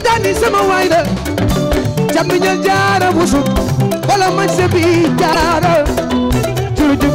tijani sama waay la jambi ñal jaara busu wala man se bi jaara jurujub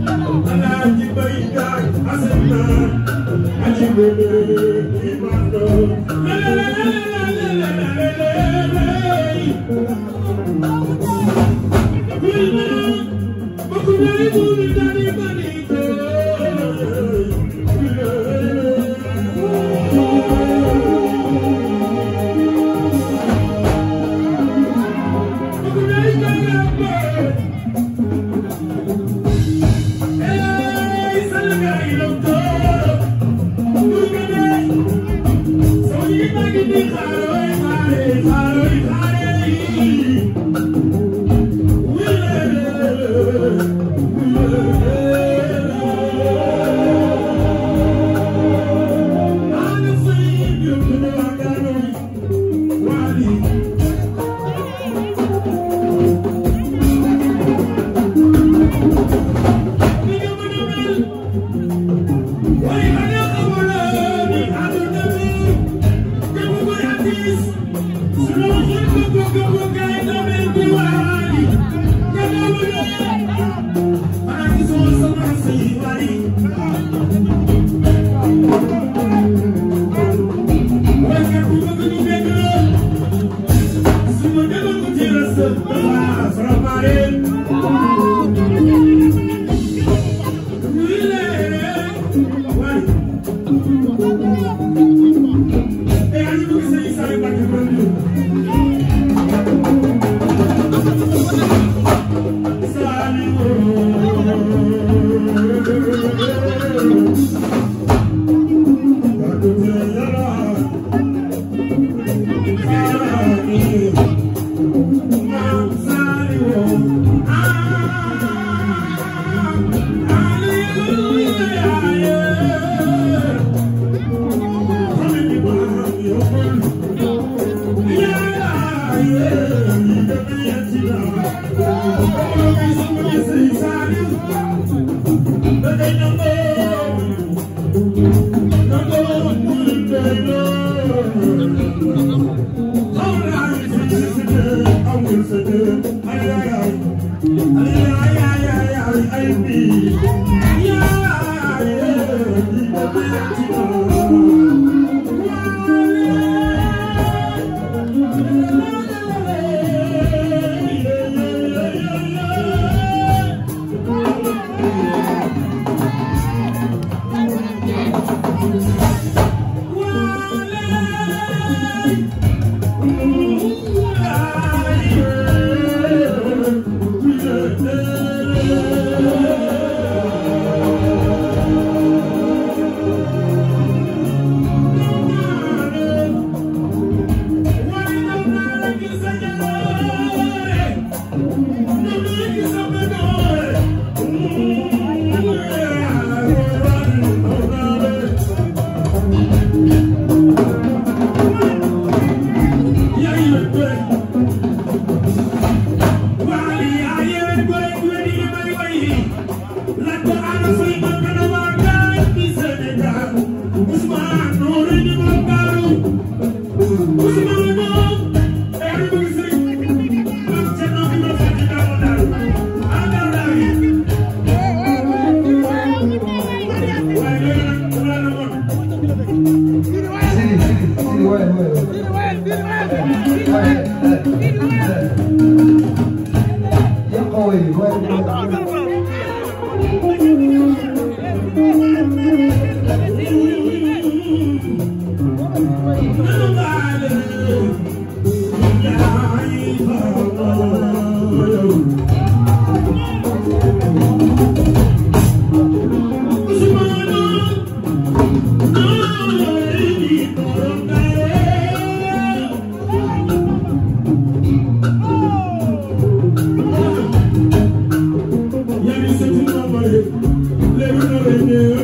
alaaji bay daay asena aji bebe i mando Thank you. Thank you.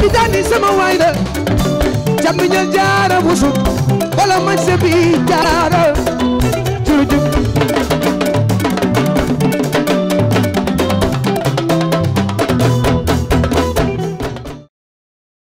Tijani sama waay la jàmm ñal jaara busu wala man se bi jaara